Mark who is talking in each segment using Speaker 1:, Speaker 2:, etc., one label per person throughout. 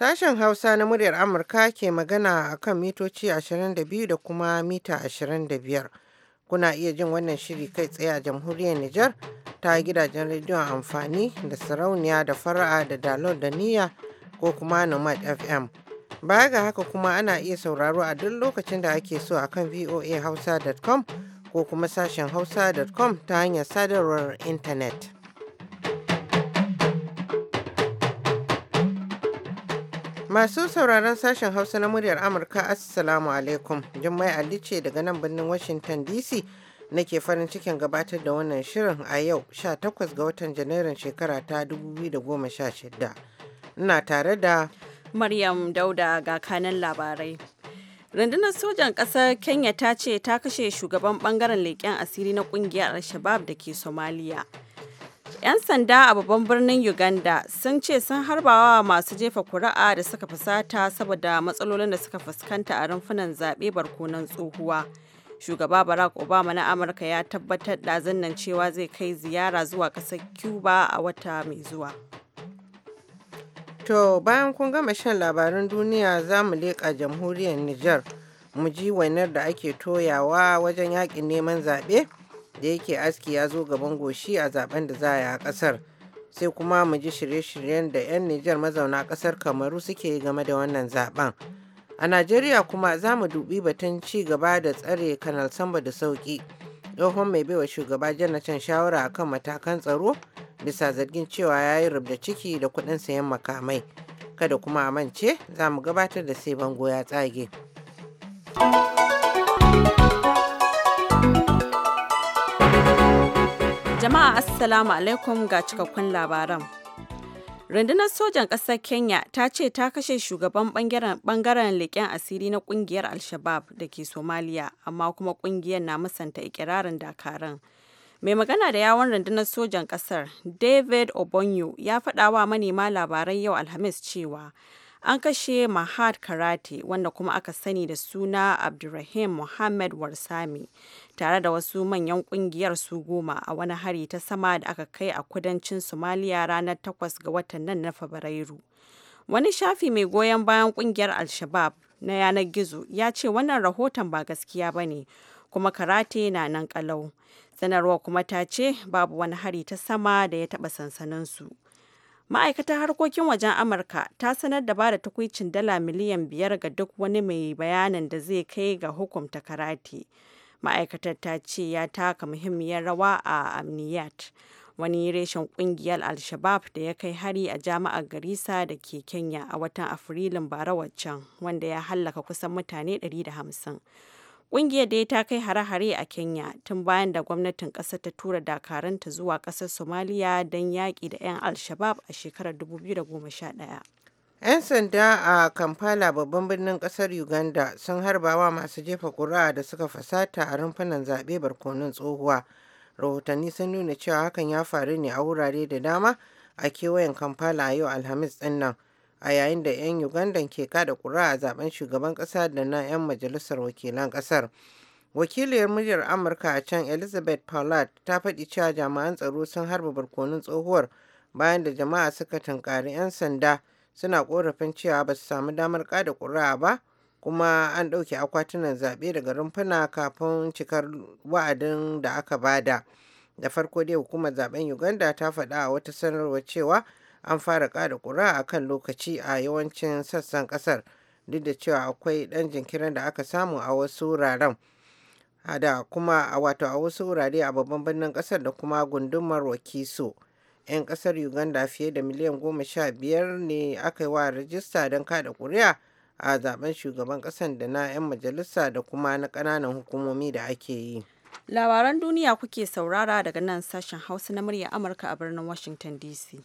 Speaker 1: Sashen Hausa na muryar Amurka ke magana a kan mitoci 22 da kuma mita 25. Kuna iya jin wannan shiri kai tsaye a jamhuriyar Nijar ta gidajen rediyon amfani da sarauniya da fara'a da dalon da niyya ko kuma Nomad FM. Baya ga haka kuma ana iya sauraro a duk lokacin da ake so a kan voahausa.com ko kuma sashen hausa.com ta hanyar sadarwar intanet. Masu sauraron sashen Hausa na muryar Amurka Assalamu alaikum. Jummai Ali ce daga nan birnin Washington DC nake farin cikin gabatar da wannan shirin a yau 18 ga watan Janairun shekara ta 2016. Ina tare da
Speaker 2: Maryam Dauda ga kanan labarai. Rundunar sojan ƙasar Kenya ta ce ta kashe shugaban bangaren leƙen asiri na ƙungiyar Shabab da ke Somalia. 'Yan sanda a babban birnin Uganda sun ce sun harbawa masu jefa kuri'a da suka fusata saboda matsalolin da suka fuskanta a rumfunan zaɓe barkonan tsohuwa. Shugaba Barack Obama na Amurka ya tabbatar da nan cewa zai kai ziyara zuwa ƙasar Cuba a wata mai zuwa.
Speaker 1: To bayan kun gama shan labaran duniya za mu leƙa jamhuriyar Nijar mu ji wainar da ake toyawa wajen yaƙin neman zaɓe. da yake aski ya zo gaban goshi a zaben da za a yi a kasar sai kuma mu ji shirye-shiryen da 'yan Nijar mazauna kasar Kamaru suke yi game da wannan zaben. A Najeriya kuma za mu dubi batun ci gaba da tsare Kanal Samba da sauki. Tsohon mai baiwa shugaba Janatan shawara akan matakan tsaro bisa zargin cewa ya yi rubda ciki da kuɗin sayan makamai. Kada kuma a mance za mu gabatar da sai bango ya tsage.
Speaker 2: Jama'a Assalamu alaikum ga cikakkun labaran. Rundunar sojan ƙasar Kenya ta ce ta kashe shugaban bangaren leƙen asiri na ƙungiyar Al-Shabab da ke Somalia, amma kuma ƙungiyar na musanta ikirarin dakaran. Mai magana da yawon rundunar sojan ƙasar, David Obonyo, ya faɗa wa manema labarai yau Alhamis cewa an kashe Mahad Karate wanda kuma aka sani da suna Abdulrahim Muhammad Warsami tare da wasu manyan kungiyar su goma a wani hari ta sama da aka kai a kudancin Somalia ranar 8 ga watan nan na Fabrairu. Wani shafi mai goyon bayan kungiyar al shabab na yanar gizo ya ce wannan rahoton ba gaskiya ba ne kuma karate na nan kalau. Sanarwa kuma ta ce babu wani hari ta sama da ya taɓa sansaninsu. Ma'aikatar harkokin wajen Amurka ta sanar da ba da takwicin dala miliyan biyar ga duk wani mai bayanin da zai kai ga hukumta karate. ma'aikatar ta ce ya taka muhimmiyar rawa a amniyat wani reshen kungiyar al-shabab da ya kai hari a jami'ar garisa da ke kenya a watan afrilun bara waccan wanda ya hallaka kusan mutane 150 Ƙungiyar ya ta kai hare-hare a Kenya tun bayan da gwamnatin ƙasa ta tura dakaranta zuwa ƙasar somaliya don yaƙi da 'yan Al-Shabab a shekarar 2011.
Speaker 1: 'Yan sanda a Kampala babban birnin kasar Uganda sun harba wa masu jefa ƙuri'a da suka fasata a rumfunan zaɓe barkonun tsohuwa. Rahotanni sun nuna cewa hakan ya faru ne a wurare da dama a kewayen Kampala a yau Alhamis ɗin a yayin da 'yan Ugandan ke kada ƙuri'a a zaben shugaban ƙasa da na 'yan majalisar wakilan ƙasar. Wakiliyar muryar Amurka a can Elizabeth Pollard ta faɗi cewa jami'an tsaro sun harba barkonun tsohuwar bayan da jama'a suka tunkari 'yan sanda suna korafin cewa ba su samu damar kada ƙuri'a ba kuma an ɗauke akwatunan zaɓe daga rumfuna kafin cikar wa'adin da aka bada da farko dai hukumar zaben uganda ta faɗa a wata sanarwar cewa an fara kada ƙuri'a a kan lokaci a yawancin sassan ƙasar duk da cewa akwai ɗan jinkirin da aka samu a wasu wuraren da kuma a wato a wasu wurare a babban birnin ƙasar da kuma gundumar wakiso. 'yan kasar uganda fiye da miliyan goma sha biyar ne aka yi wa rajista don kada kuri'a a zaben shugaban kasan da na 'yan majalisa da kuma na ƙananan hukumomi da ake yi
Speaker 2: labaran duniya kuke saurara daga nan sashen hausa na murya amurka a birnin washington dc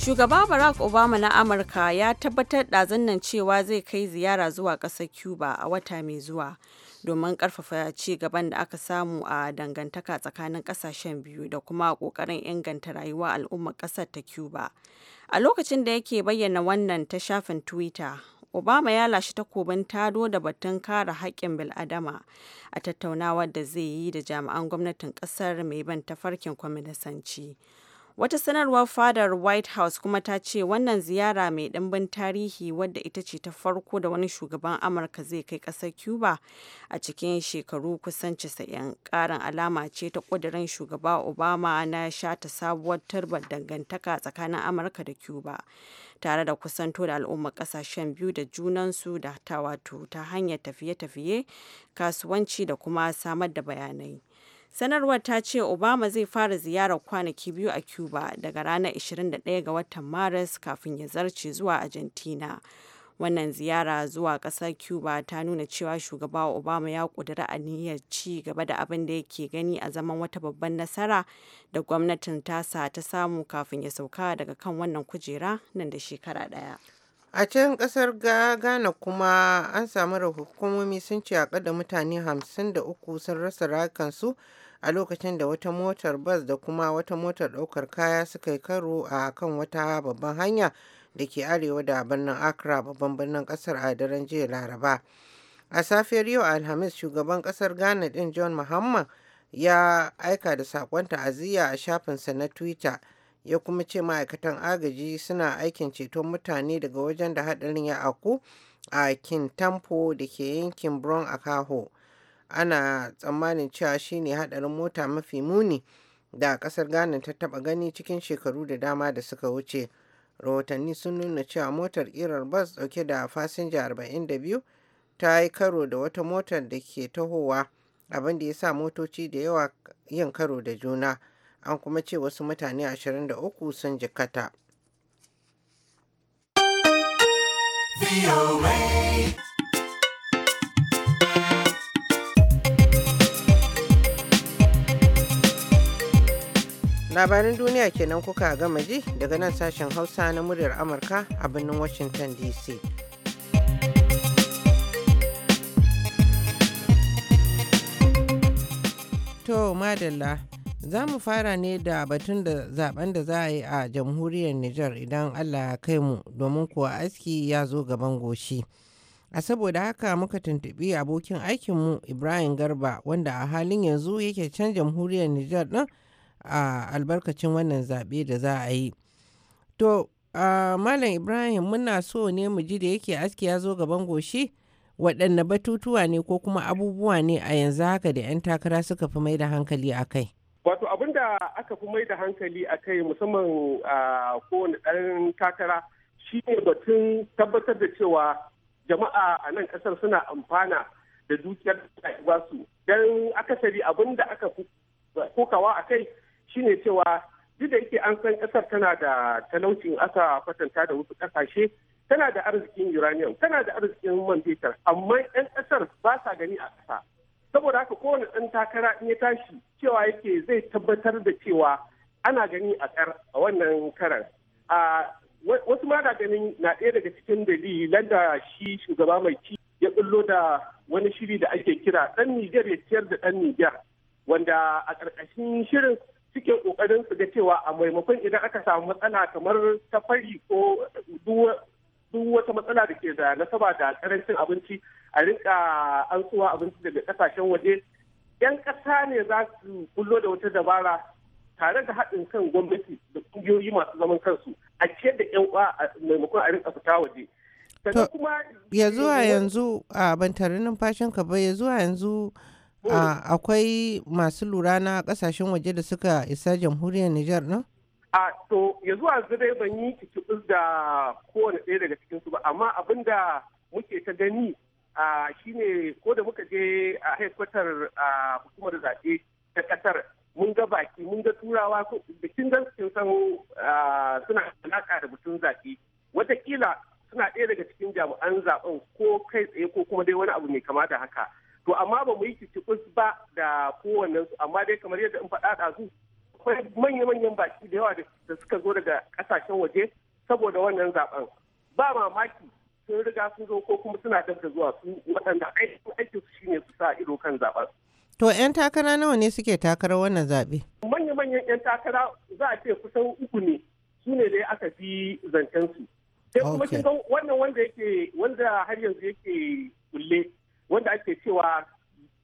Speaker 2: Shugaba Barack Obama na Amurka ya tabbatar ɗazen nan cewa zai kai ziyara zuwa ƙasar Cuba a wata mai zuwa domin ƙarfafa ci gaban da aka samu a dangantaka tsakanin ƙasashen biyu da kuma ƙoƙarin inganta rayuwa al'ummar ƙasar ta Cuba. A lokacin da yake bayyana wannan ta shafin Twitter, Obama ya lashe takobin tado da batun kare haƙƙin bil'adama a tattaunawar da zai yi da jami'an gwamnatin ƙasar mai ban tafarkin kwaminisanci. Wata sanarwar fadar White House kuma ta ce wannan ziyara mai ɗimbin tarihi wadda ita ce ta farko da wani shugaban Amurka zai kai ƙasar Cuba a cikin shekaru kusan 90 ƙarin alama ce ta ƙudurin shugaba Obama na shata sabuwar turbar dangantaka tsakanin Amurka da Cuba tare da kusanto da al'ummar ƙasashen biyu da junansu da ta wato ta hanyar tafiye-tafiye kasuwanci da kuma samar da bayanai. Sanarwar ta ce Obama zai fara ziyarar kwanaki biyu a Cuba daga ranar 21 ga watan Maris kafin ya zarce zuwa Argentina. Wannan ziyara zuwa kasar Cuba ta nuna cewa Shugaba Obama ya ƙudiri aniyar ci gaba da abin da yake gani a zaman wata babban nasara da gwamnatin tasa ta samu kafin ya sauka daga kan wannan kujera nan da shekara ɗaya.
Speaker 1: A can kasar Ghana
Speaker 2: kuma an samu
Speaker 1: hukumomi sun ce da mutane 53 sun rasa rakansu a lokacin da wata motar bas da kuma wata motar ɗaukar kaya suka yi karo a kan wata babban hanya da ke arewa da birnin Accra babban birnin kasar a daren jiya Laraba. A safiyar yau Alhamis shugaban kasar Ghana din John Muhammad ya aika da saƙon ta'aziyya a shafinsa na Twitter ya kuma ce ma'aikatan agaji suna aikin ceton mutane daga wajen da haɗarin ya aku a kintampo da ke yankin bron a kaho ana tsammanin cewa shine haɗarin mota mafi muni da ƙasar ghana ta taba gani cikin shekaru da dama da suka wuce rahotanni sun nuna cewa motar irar bas dauke da fasinja 42 ta yi karo da wata motar da ke tahowa abinda ya sa motoci da yawa yin karo da juna an kuma ce wasu mutane 23 sun jikata. Labarin duniya kenan kuka gama ji daga nan sashen Hausa na muryar Amurka a birnin Washington DC. To, madalla. Za mu fara ne da batun da zaben da za a yi a jamhuriyar Nijar idan Allah ya kai mu domin kuwa aski ya zo gaban goshi. A saboda haka muka tuntuɓi abokin aikinmu Ibrahim Garba wanda a halin yanzu yake can jamhuriyar Nijar ɗin a albarkacin wannan zaɓe da za a yi. To, Malam Ibrahim muna so ne mu ji da yake aski ya zo gaban goshi waɗanne batutuwa ne ko kuma abubuwa ne a yanzu haka da 'yan takara suka fi mai da hankali a kai. Wato abin
Speaker 3: da aka fi mai da hankali a kai musamman a kowane ɗan takara shi ne batun tabbatar da cewa jama'a a nan ƙasar suna amfana da dukiyar da ba su. Don akasari abin da aka fi kokawa a kai shi ne cewa duk da yake an san ƙasar tana da talaucin aka kwatanta da wasu ƙasashe tana da arzikin uranium tana da arzikin man fetur amma 'yan ƙasar ba sa gani a ƙasa. saboda haka kowane ɗan takara in ya tashi cewa yake zai tabbatar da cewa ana gani a kar a wannan karar a wasu ma da ganin na ɗaya daga cikin dalilan da shi shugaba mai ci ya ɓullo da wani shiri da ake kira ɗan niger ya ciyar da ɗan niger wanda a ƙarƙashin shirin suke ƙoƙarin su ga cewa a maimakon idan aka samu matsala kamar ta fari ko duk wata matsala da ke da nasaba da karancin abinci a rinka an tsuwa abinci daga kasashen waje yan ƙasa ne za su kullo da wata dabara tare da haɗin kan gwamnati da ƙungiyoyi masu zaman kansu a ciyar da yan uwa maimakon a rinka fita waje to ya zuwa
Speaker 1: yanzu a ban numfashin ka ba ya zuwa yanzu mm. akwai masu lura na kasashen waje da suka isa jamhuriyar Nijar na.
Speaker 3: a to ya zuwa zai ban yi kicibis da kowane ɗaya daga cikinsu ba amma abin da muke ta gani shine ko da muka je a a hukumar zaɓe ta ƙasar mun ga baki mun ga turawa bikin da sun san suna alaƙa da mutum zaɓe wataƙila suna ɗaya daga cikin jami'an zaɓen ko kai tsaye ko kuma dai wani abu mai kama da haka to amma ba mu yi kicibis ba da kowannensu amma dai kamar yadda in faɗa ɗazu akwai manya-manyan baki da yawa da suka zo daga kasashen waje saboda wannan zaben ba mamaki sun riga sun zo ko kuma suna dab da zuwa su waɗanda aikin su shine su sa ido kan zaben
Speaker 1: to 'yan takara nawa ne suke takarar wannan zaɓe
Speaker 3: manya-manyan 'yan takara za a ce kusan uku ne su ne dai aka fi zancen su sai kuma kin wannan wanda yake wanda har yanzu yake kulle wanda ake cewa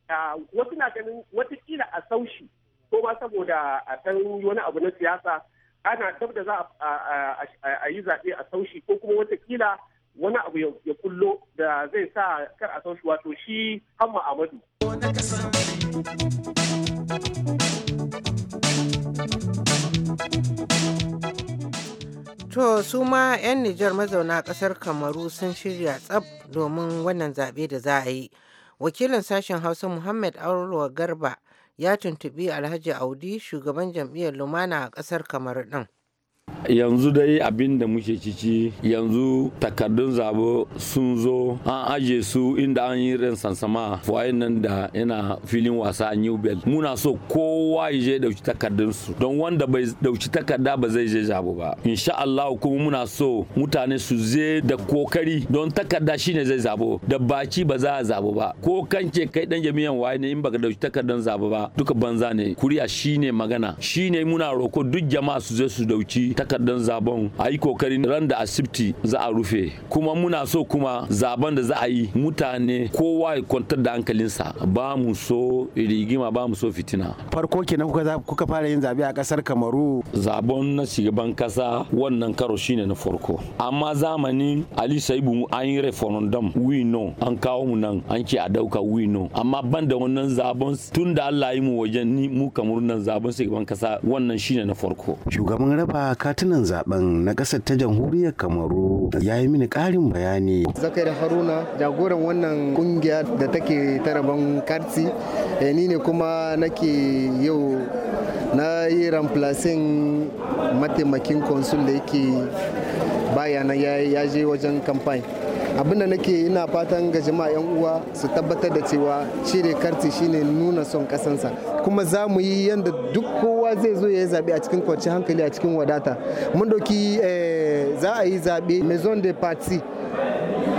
Speaker 3: ah, wasu na ganin watakila a saushi ko ba saboda a san wani abu na siyasa ana tab da za a yi zaɓe a saushi ko kuma watakila wani abu ya kullo da zai sa kar a saushi wato shi hamma amadu.
Speaker 1: To su ma 'yan Nijar mazauna ƙasar Kamaru sun shirya tsab domin wannan zaɓe da za a yi. Wakilin sashen Hausa Muhammad Aurowa Garba ya tuntubi alhaji audi shugaban jam'iyyar lumana a ƙasar kamar ɗin
Speaker 4: yanzu dai abin da muke ciki yanzu takardun zabo sun zo an aje su inda an yi ran sansama fuwayen nan da yana filin wasa a new bell muna so kowa ya je dauki takardun su don wanda bai dauki takarda ba zai je zabo ba insha Allah kuma muna so mutane su je da kokari don takarda shine zai zabo da baki ba za a zabo ba ko kance kai dan jami'an waye ne in baka dauki takardun zabo ba duka banza ne kuriya shine magana shine muna roko duk jama'a su je su dauki takardar zaben a yi kokarin ran da asibiti za a rufe kuma muna so kuma zaben da za a yi mutane kowa ya kwantar da hankalinsa ba mu so rigima ba mu so fitina
Speaker 5: farko kenan kuka kuka fara yin zabe a kasar kamaru
Speaker 4: zaben na shugaban kasa wannan karo shine na farko amma zamani ali saibu an yi referendum we no an kawo mu nan an ke a dauka we no amma ban da wannan zaben tun da Allah yi mu wajen ni mu kamaru nan zaben shugaban kasa
Speaker 5: wannan shine na farko shugaban raba katunan zaben na ƙasar ta jamhuriyar kamaru ya yi mini ƙarin bayani zakari haruna jagoran wannan kungiya da take taraban karti eh, ni ne kuma nake yau na yi ramplasin mataimakin konsul da yake bayana ya je wajen kamfani abin da nake ina fatan ga jama'a yan uwa su tabbatar da cewa cire karti shine nuna son kasansa kuma za mu yi yadda duk kowa zai zo ya yi zaɓe a cikin kwanci hankali a cikin wadata mun doki eh, za a yi zaɓe maison de parti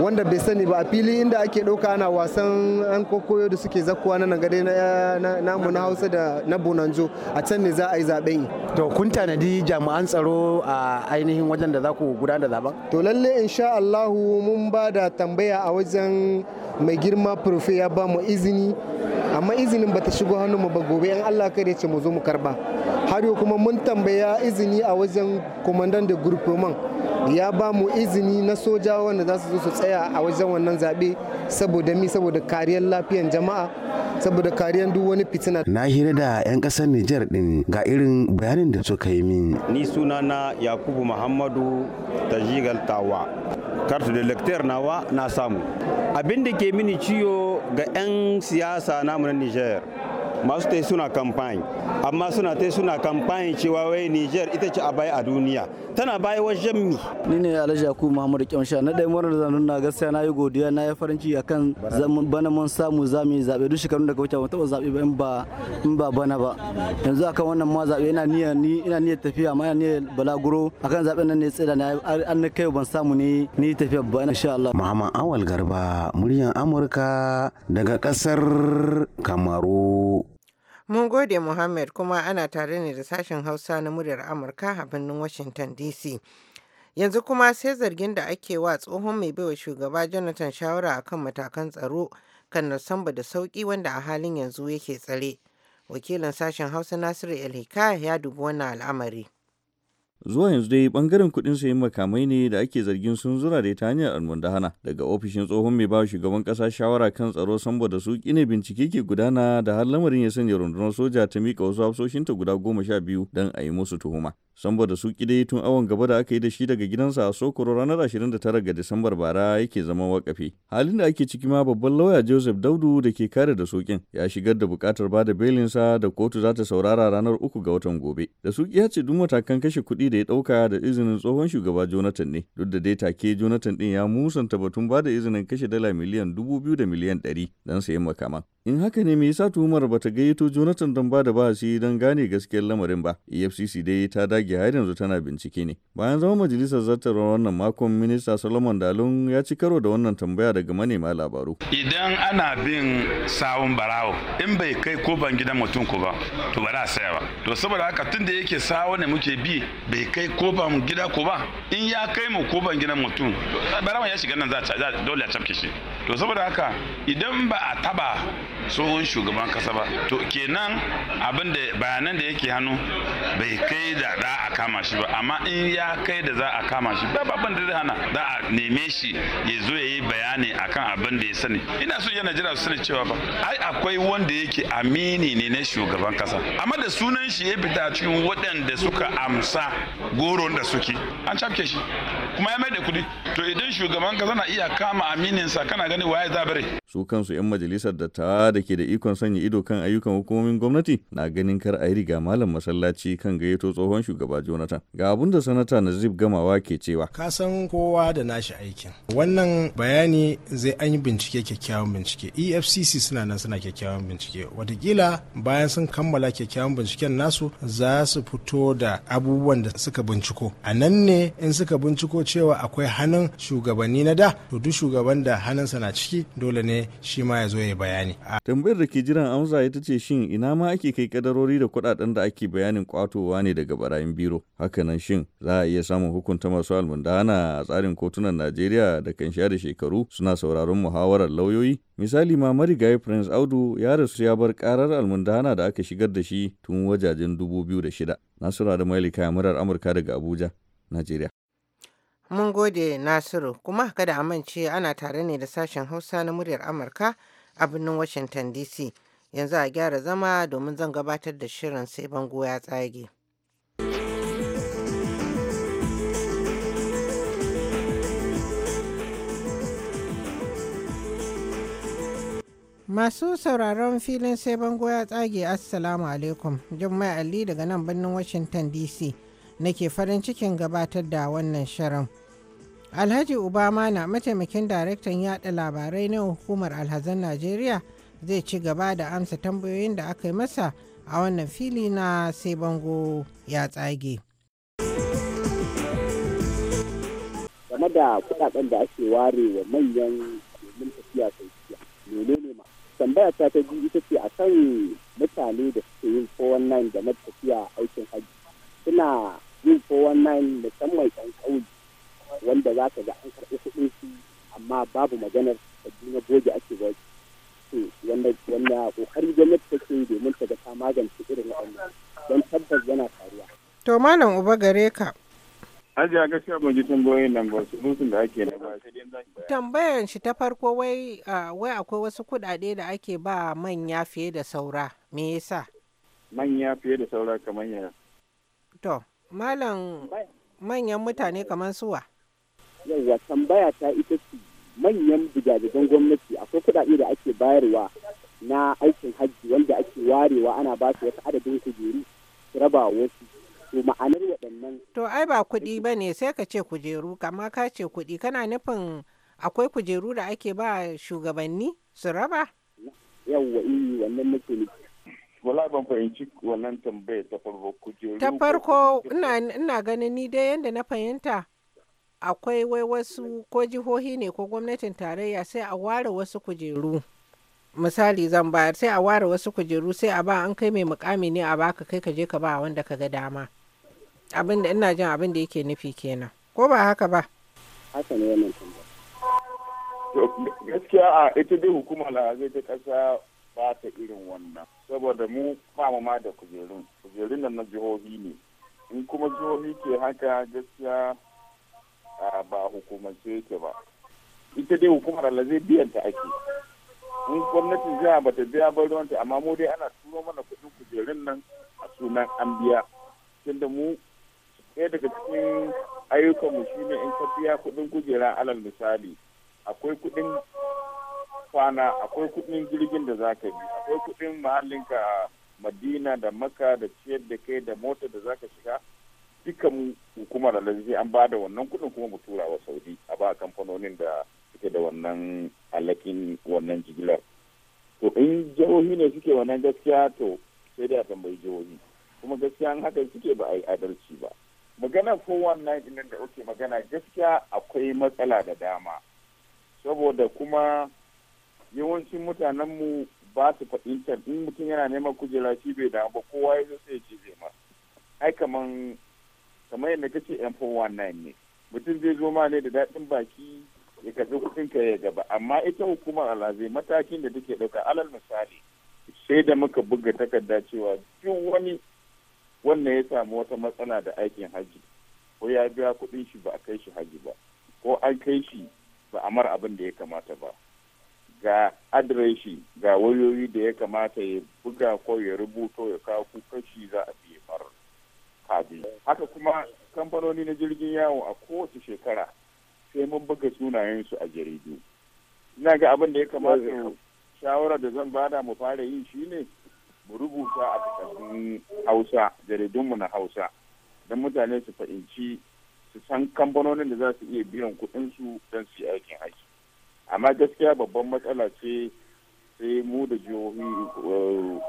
Speaker 5: wanda bai sani ba a fili inda ake ɗauka ana wasan an kokoyo da suke zakuwa na nagare na na hausa da na bonanjo a can ne za a yi zaben to kun tanadi jami'an tsaro a ainihin wajen da za ku gudanar da zaben to lalle insha Allahu mun ba da tambaya a wajen mai girma profe ya ba mu izini amma izinin ba ta shigo hannun mu ba gobe in Allah kai ce mu zo mu karba har yau kuma mun tambaya izini a wajen komandan da gurfuman ya ba mu izini na soja wanda za su zo su tsaya a wajen wannan zaɓe saboda mi saboda kariyar lafiyar jama'a saboda kariyar duk wani fitina. Na hira da 'yan ƙasar Nijar din ga irin bayanin da suka yi min. Ni
Speaker 4: sunana Yakubu Muhammadu ta jigaltawa. Kartu da lektar nawa na samu. Abin ke mini ciwo ga 'yan siyasa namu na Nijar. masu ta suna kamfani amma suna ta suna kamfani cewa wai Niger ita ce a baya a duniya tana baya wajen mi ni ne Alhaji Yakubu Muhammadu Kyamsha na ɗaya murar zanen na gaskiya na yi godiya na yi farin ciki akan bana mun samu zamu yi zaɓe duk shekarun da ka wuce mun taɓa zaɓe ba in ba in ba bana ba yanzu akan wannan ma zaɓe ina niyyar ni ina niyyar tafiya amma ina niyyar balaguro akan zaben nan ne tsira na an na kai ban samu
Speaker 5: ni ni tafiya ba insha Allah Muhammad Awal Garba muryan Amurka daga kasar Kamaru Mun gode Muhammad kuma ana tare ne da
Speaker 1: sashen Hausa na muryar Amurka a birnin Washington DC. Yanzu kuma sai zargin da ake wa tsohon mai baiwa shugaba Jonathan shawara a kan matakan tsaro kan samba da sauki wanda a halin yanzu yake tsare. Wakilin sashen Hausa Nasiru El ya dubi wannan al'amari.
Speaker 6: zuwa yanzu dai bangaren kuɗin sayen makamai ne da ake zargin sun zura da ta hanyar almundahana daga ofishin tsohon mai bawa shugaban ƙasa shawara kan tsaro sambo da su ne bincike ke gudana da har lamarin ya sanya rundunar soja ta mika wasu hafsoshinta guda goma sha biyu don a yi musu tuhuma Samba da su dai tun awon gaba da aka yi da shi daga gidansa a Sokoro ranar 29 ga Disambar bara yake zama wakafi. Halin da ake ciki ma babban lauya Joseph Daudu da ke kare da sokin ya shigar da bukatar bada belinsa da kotu za ta saurara ranar uku ga watan gobe. Da suki ya ce duk matakan kashe kuɗi da ya ɗauka da izinin tsohon shugaba Jonathan ne. Duk da dai take Jonathan din ya musanta batun bada izinin kashe dala miliyan biyu da miliyan ɗari don sayen makaman. In haka ne me yasa tuhumar bata gayyato Jonathan don bada bahasi don gane gaskiyar lamarin ba. EFCC dai ta dage rage har yanzu tana bincike ne. Bayan zama majalisar zartarwa wannan makon minista Solomon Dalun ya ci karo da wannan tambaya daga manema labaru.
Speaker 7: Idan ana bin sawun barawo in bai kai ban gidan mutum ko ba to ba za a saya ba. To saboda haka tun da yake sawo ne muke bi bai kai ko ban gida ko ba in ya kai mu ko ban gidan mutum barawon ya shiga nan za dole a cafke shi. To saboda haka idan ba a taba tsohon shugaban kasa ba to kenan abin da bayanan da yake hannu bai kai da za a kama shi ba amma in ya kai da za a kama shi ba babban da zai hana za a neme shi ya zo ya yi bayani akan abin da ya sani ina so yana jira su sani cewa ba ai akwai wanda yake amini ne na shugaban kasa amma da sunan shi ya fita cikin waɗanda suka amsa goron da suke an cafke shi kuma ya mai da kuɗi to idan shugaban ka zana iya kama aminin sa kana gani waye za bare
Speaker 6: su kansu yan majalisar dattawa da ke da ikon sanya ido kan ayyukan hukumomin gwamnati na ganin kar a yi riga malam masallaci kan gayyato tsohon shugaba Jonathan ga abun da sanata Nazib Gamawa ke cewa
Speaker 5: ka san kowa da nashi aikin wannan bayani zai an yi bincike kyakkyawan bincike EFCC suna nan suna kyakkyawan bincike watakila bayan sun kammala kyakkyawan binciken nasu za su fito da abubuwan da suka binciko a nan ne in suka binciko cewa akwai hannun shugabanni na da to duk shugaban da hannunsa na ciki dole ne shi ma ya zo ya
Speaker 6: bayani. tambayar da ke jiran amsa ita ce shin ina ma ake kai kadarori da kudaden da ake bayanin kwatowa ne daga barayin biro hakanan shin za a iya samun hukunta masu almundana a tsarin kotunan najeriya da kan sha da shekaru suna sauraron muhawarar lauyoyi misali ma marigayi prince audu ya rasu ya bar karar almundana da aka shigar da shi tun wajajen 2006 nasura da mailika murar amurka daga abuja najeriya
Speaker 1: Mun gode Nasiru kuma kada a mance ana tare ne da sashen Hausa na muryar Amurka a birnin Washington DC. Yanzu a gyara zama domin zan gabatar da shirin sai bango ya tsage. Masu sauraron filin sai bango ya tsage Assalamu alaikum. Jummai Ali daga nan birnin Washington DC. nake farin cikin gabatar da wannan shirin. Alhaji Obama na mataimakin daraktan yada labarai na hukumar alhazan Najeriya zai ci gaba da amsa tambayoyin da aka yi masa a wannan fili na sai bango ya tsage. Game
Speaker 8: da kudaden da ake ware wa manyan domin tafiya sai ne ma? Tambaya ta ta biyu ita ce a kan mutane da suke yin 419 game da tafiya aikin hajji. Suna yin 419 musamman kan kauye wanda za ka ga an karɓi kuɗin su amma babu maganar sabbi na goge ake ba su wanda wanda kokari gwamnati take yi domin ta ga ta magance irin wannan don tabbas yana faruwa
Speaker 1: to malam uba gare ka
Speaker 8: Hajiya gaskiya ban ji tambayoyin nan ba su
Speaker 9: da ake nan
Speaker 3: ba sai
Speaker 1: Tambayan shi ta farko wai wai akwai wasu kuɗaɗe da ake ba manya fiye da saura me yasa?
Speaker 9: Manya fiye da saura kamar yaya.
Speaker 1: To. Malam manyan mutane kamar suwa.
Speaker 8: Yawwa tambaya ta ita ce manyan bugajen gwamnati akwai kuɗaɗe da ake bayarwa na aikin hajji wanda ake warewa ana ba su wasu adadin kujeru su raba wasu to ma'anar
Speaker 1: waɗannan. To ai ba kuɗi ba ne sai ka ce kujeru kama ka ce kuɗi kana nufin akwai kujeru da ake ba shugabanni su raba?
Speaker 9: Yawwa yi eh, wannan nake nufi. wala ban fahimci wannan tambayar ta farko kujeru
Speaker 1: ta farko ina ganin ni dai yadda na fahimta akwai wai wasu ko jihohi ne ko gwamnatin tarayya sai a ware wasu kujeru misali zan bayar sai a ware wasu kujeru sai a ba an kai mai mukami ne a baka kai ka je ka ba wanda ka ga dama abin da ina jin abin da yake nufi kenan ko ba haka ba
Speaker 9: haka ne wannan gaskiya a ita dai hukuma na zai ta kasa ta irin wannan saboda mu ba ma da kujerun kujerun nan na jihohi ne in kuma jihohi ke haka gaskiya ba hukumance yake ba ita dai hukumar alazai biyan ta ake in gwamnatin jiha ba ta biya ba ruwanta amma mu dai ana turo mana kudin kujerun nan a sunan an biya tunda mu ɗaya daga cikin ayyukanmu shine in ka biya kudin kujera alal misali akwai kudin kwana akwai kuɗin jirgin da za ka bi akwai kuɗin mahallinka a madina da maka da ciyar da kai da mota da za ka shiga dukkan hukumar alhaji an ba da wannan kuɗin kuma mu tura wa saudi a ba kamfanonin da suke da wannan alakin wannan jigilar to in jihohi ne suke wannan gaskiya to sai dai a tambayi jihohi kuma gaskiya an haka suke ba a yi adalci ba magana ko wannan da ake magana gaskiya akwai matsala da dama saboda kuma yawancin mutanen mu ba su fahimtar in mutum yana neman kujera shi bai damu ba kowa ya zo sai ya ce zai ma ai kaman kamar yadda kace M419 ne mutum zai zo ma ne da daɗin baki ya karɓi kuɗin ka ya gaba amma ita hukumar alazai matakin da take ɗauka alal misali sai da muka buga takarda cewa duk wani wannan ya samu wata matsala da aikin haji ko ya biya kuɗin shi ba a kai shi haji ba ko an kai shi ba a mara abin da ya kamata ba ga adireshi ga wayoyi da ya kamata ya buga ko ya rubuto ya kawo kukashi za a biye mar kadi haka kuma kamfanoni na jirgin yawo a kowace shekara sai mun buga sunayensu a jaridu ina ga abin da ya kamata shawarar da zan bada mu fara yi shine mu rubuta a takardun hausa jaridunmu na hausa don mutane su fahimci su san kamfanonin da za su iya biyan kuɗinsu don su yi aikin aiki amma gaskiya babban matsala ce sai mu da jihohi eh,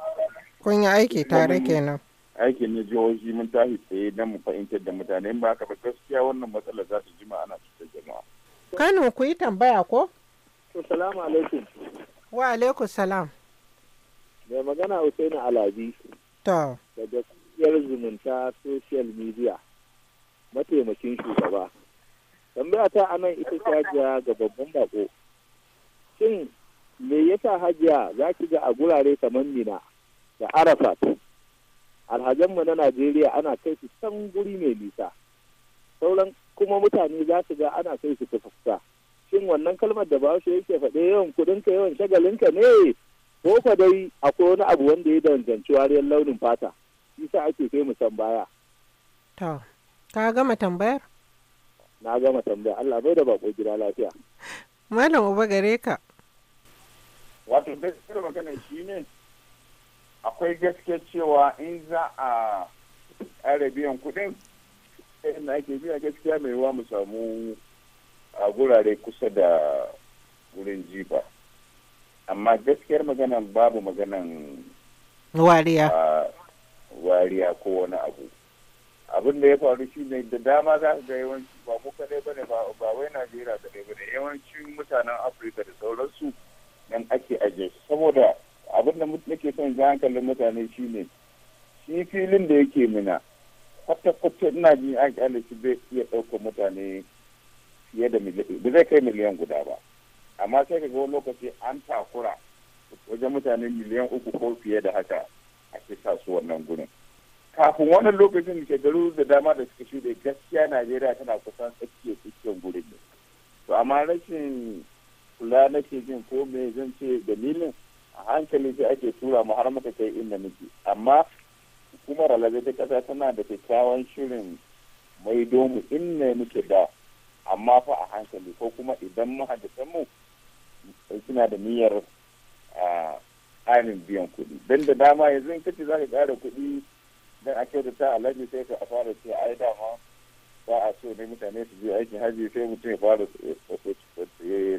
Speaker 1: kun yi aiki tare kenan
Speaker 9: aikin na jihohi mun tafi tsaye don mu fahimtar da mutane ba haka ba gaskiya wannan matsala za su jima ana cuta jama'a
Speaker 1: kano ku yi tambaya ko to salamu alaikum wa alaikum salam
Speaker 8: mai magana Usaini Alabi. To. Daga kungiyar zumunta
Speaker 9: social media mataimakin shugaba. Tambaya ta anan ita ta ga babban bako. shin me yasa hajiya za ki ga a gurare kamar mina da arafat alhazanmu na najeriya ana kai su can guri mai nisa sauran kuma mutane za su ga ana kai su tafasta shin wannan kalmar da bahaushe yake faɗe yawan kuɗinka yawan shagalinka ne ko fa dai akwai wani abu wanda ya danganci wariyar launin fata sa ake kai mu san baya
Speaker 1: ka gama tambayar
Speaker 8: na gama tambayar Allah bai da bako
Speaker 1: gida lafiya malam uba gare ka
Speaker 8: wato gaskiyar
Speaker 9: magana shi ne akwai gaske cewa in za a ƙara biyan kuɗin na ake biya gaskiya mai wa mu samu a gurare kusa da wurin jifa amma gaskiyar maganan babu maganan wariya wariya ko wani abu abin da ya faru shi ne da dama za ga yawanci ba kadai bane ba wai najeriya kadai ne yawancin mutanen afirka da sauransu nan ake ajiye saboda abin da nake son ji hankalin mutane shine shi filin da yake mina kwata-kwata ina ji an kyale shi zai iya ɗaukar mutane fiye da miliyan zai kai miliyan guda ba amma sai ka ga wani lokaci an takura wajen mutane miliyan uku ko fiye da haka a sa su wannan gurin kafin wannan lokacin da shekaru da dama da suka shuɗe gaskiya najeriya tana kusan tsakiyar tsakiyar gurin ne to amma rashin kula nake jin ko me zan ce dalilin a hankali sai ake tura mu har muka kai inda muke amma hukumar alazai ta kasa tana da kyakkyawan shirin mai domu inda muke da amma fa a hankali ko kuma idan mahaddasan mu suna da niyyar ainihin biyan kuɗi don da dama yanzu in kace za ka ƙara kuɗi don a kyautata alhaji sai ka fara ce ai dama ba a so ne mutane su je aikin haji sai mutum ya fara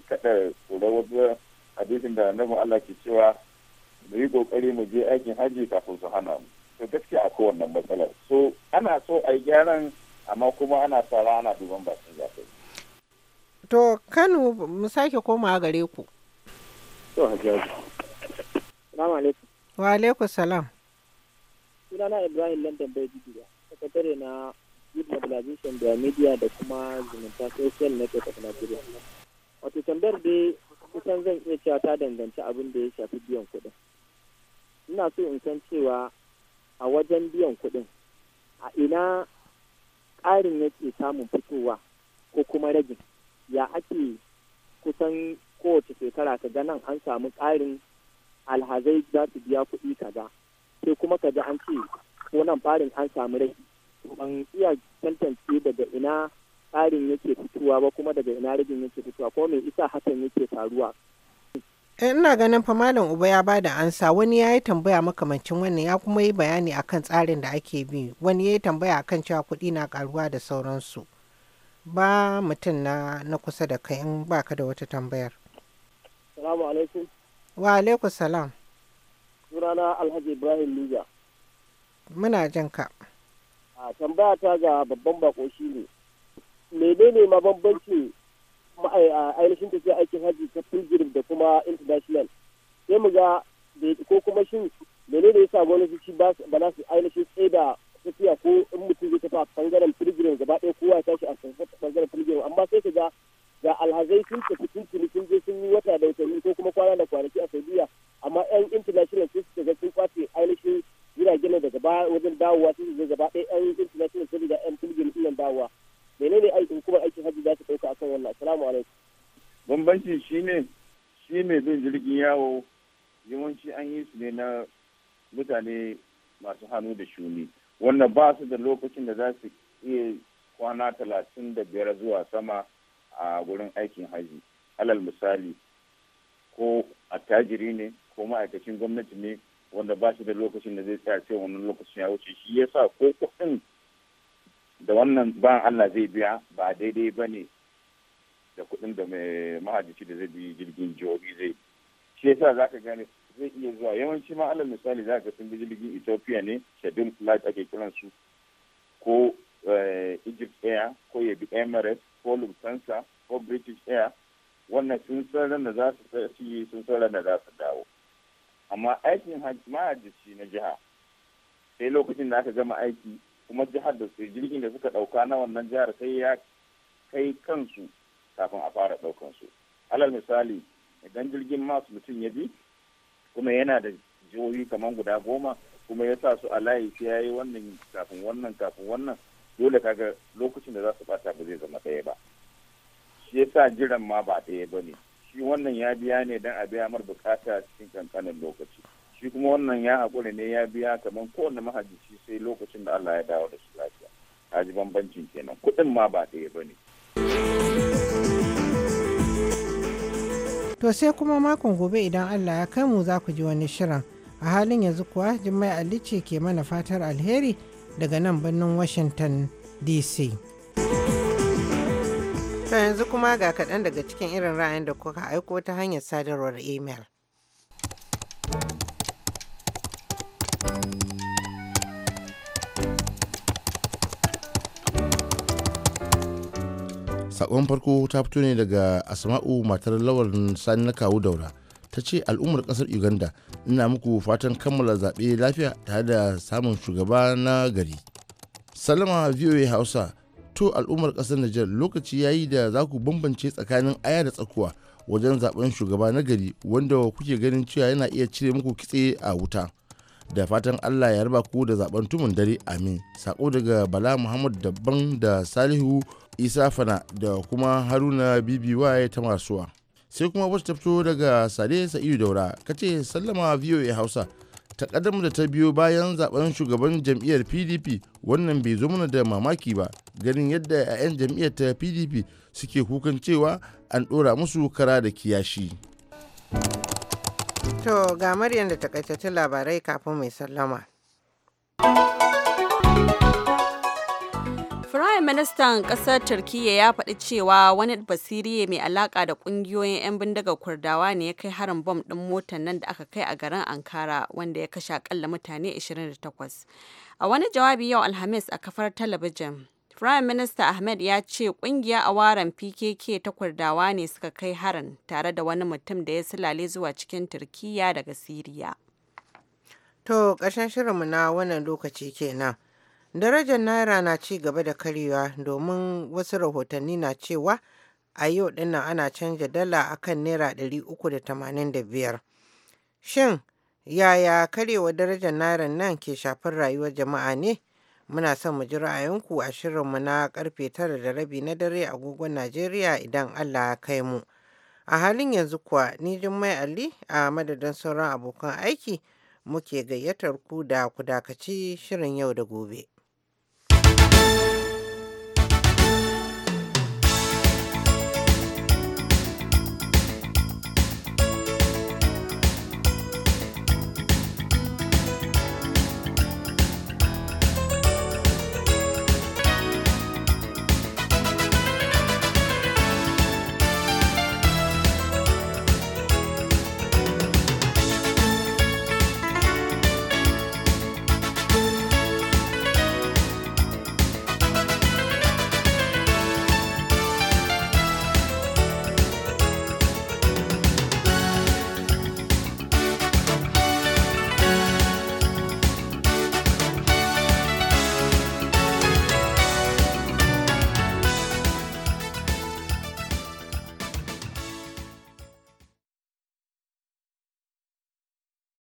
Speaker 9: kada tsoron wasu hadisin da annabin Allah ke cewa mu yi kokari mu je aikin haji kafin su hana mu to gaskiya akwai wannan matsalar so ana so a yi gyaran amma kuma ana tsara ana duban bakin zafi
Speaker 1: to Kano mu sake koma gare ku
Speaker 8: to hajjaji salamu alaikum
Speaker 1: wa alaikum salam
Speaker 8: sunana Ibrahim London bai jibiya sakatare na mobilization da media da kuma zumunta social network of Nigeria. Wato tambayar dai kusan zan iya cewa ta danganci abin da ya shafi biyan kuɗin. Ina so in san cewa a wajen biyan kuɗin a ina ƙarin yake samun fitowa ko kuma ragin ya ake kusan kowace shekara ka ga nan an samu ƙarin alhazai za su biya kuɗi kaza sai kuma ka ji an ce ko nan farin an samu rai. ban iya tantance daga ina tsarin yake fitowa ba kuma daga ina rigin yake fitowa ko me isa hakan yake faruwa
Speaker 1: eh, ina ganin fa malam uba ya ba da ansa wani ya yi tambaya makamancin wannan ya kuma yi bayani akan tsarin da ake bi wani ya yi tambaya akan cewa kuɗi na karuwa da sauransu ba mutum na kusa da kai in ba ka da wata tambayar
Speaker 8: salamu alaikum
Speaker 1: wa alaikum salam
Speaker 8: sunana alhaji ibrahim lija
Speaker 1: muna jin ka
Speaker 8: a tambaya ta ga babban bako shi ne menene ma bambanci ainihin tafiya aikin hajji ta pilgrim da kuma international sai mu ga ko kuma shin menene yasa gwamnatoci ba na su ainihin tsaye da tafiya ko in mutum zai tafi a bangaren pilgrim gaba ɗaya kowa ya tashi a bangaren pilgrim amma sai ka ga ga alhazai sun tafi sun tuni sun je sun yi wata da watanni ko kuma kwana da kwanaki a saudiya amma yan international sun ga sun kwace ainihin jirage gina daga baya wajen dawowa sun zai gaba ɗaya yan international sun yan pilgrim ɗin dawowa menene aikin hukumar aikin hajji za su ɗauka akan wannan assalamu alaikum bambanci ne shi ne bin jirgin yawo yawanci
Speaker 9: an yi su ne na mutane masu hannu da shuni wanda ba su da lokacin da za su iya kwana talatin da biyar zuwa sama a wurin aikin hajji alal misali ko attajiri ne ko ma'aikacin gwamnati ne wanda ba shi da lokacin da zai tsaya sai wannan lokacin ya wuce shi ya sa ko kuɗin da wannan ba Allah zai biya ba daidai ba ne da kuɗin da mai mahajjaci da zai bi jirgin jihohi zai shi ya sa za ka gane zai iya zuwa yawanci ma alal misali za ka bi jirgin ethiopia ne shadun flight ake kiran su ko eh, egypt air ko ya bi emirates ko lufthansa ko british air wannan sun san da za su sun san da za su dawo amma aikin mahajjaci na jiha sai lokacin da aka gama aiki kuma jihar da su jirgin da suka ɗauka na wannan jihar sai ya kai kansu kafin a fara ɗaukan su alal misali idan jirgin masu mutum ya bi kuma yana da jihohi kamar guda goma kuma ya sa su a layi sai ya yi wannan kafin wannan kafin wannan dole kaga lokacin da za su bata ba zai zama ɗaya ba shi yasa jiran ma ba ɗaya ba ne shi wannan ya biya ne don a biya mar bukata cikin kankanin lokaci shi kuma wannan ya haƙuri ne ya biya kamar kowane mahajjici sai lokacin da Allah ya dawo da shi lafiya a ji bambancin kenan kuɗin ma ba ɗaya ba ne.
Speaker 1: To sai kuma makon gobe idan Allah ya kai mu za ku ji wani shirin. A halin yanzu kuwa Jummai Ali ce ke mana fatar alheri daga nan birnin Washington DC. To yanzu kuma ga kaɗan daga cikin irin ra'ayin da kuka aiko ta hanyar sadarwar email.
Speaker 4: sakon farko ta fito ne daga asma'u matar lawal sani na kawo daura ta ce al'ummar kasar uganda ina muku fatan kammala zaɓe lafiya tare da samun shugaba na gari salama voa hausa to al'ummar ƙasar Nijar lokaci ya yi da za ku bambance tsakanin aya da tsakuwa wajen zaben shugaba na gari wanda kuke ganin cewa yana iya cire muku kitse a wuta. Da fatan Allah ya raba ku da zaben tumun dare amin. Sako daga Bala Muhammad Dabban da Salihu Isa Fana da kuma Haruna BBY ta masuwa. Sai kuma wata tafto daga Sade Sa'idu Daura kace sallama VOA Hausa. takaddama da ta biyo bayan zaben shugaban jam'iyyar pdp wannan bai zo mana da mamaki ba ganin yadda 'ya'yan jam'iyyar ta pdp suke kukan cewa an ɗora musu kara da kiyashi
Speaker 1: to ga maryam da takaitattun labarai kafin mai sallama.
Speaker 2: Firayim Ministan ƙasar Turkiyya ya faɗi cewa wani basiri mai alaƙa da ƙungiyoyin 'yan bindigar Kurdawa ne ya kai harin bom ɗin motar nan da aka kai a garin Ankara wanda ya kashe akalla mutane 28. A wani jawabi yau Alhamis a kafar talabijin, Firayim Minista Ahmed ya ce ƙungiya a waren PKK ta Kurdawa ne suka kai harin tare da wani mutum da ya silale zuwa cikin Turkiyya daga Siriya.
Speaker 1: To, ƙarshen shirinmu na wannan lokaci kenan. Darajar Naira na ci gaba da karyewa domin wasu rahotanni na cewa a yau dinnan ana canja dala akan Naira biyar. Shin, yaya karyewa darajar Naira nan ke shafar rayuwar jama'a ne? Muna son mu ji ra'ayinku a shirinmu na karfe tara da rabi na dare agogon Najeriya idan Allah ya kai mu. A halin yanzu kuwa ni Jummai Ali a madadin sauran abokan aiki muke gayyatar ku da ku dakaci shirin yau da gobe. Bye.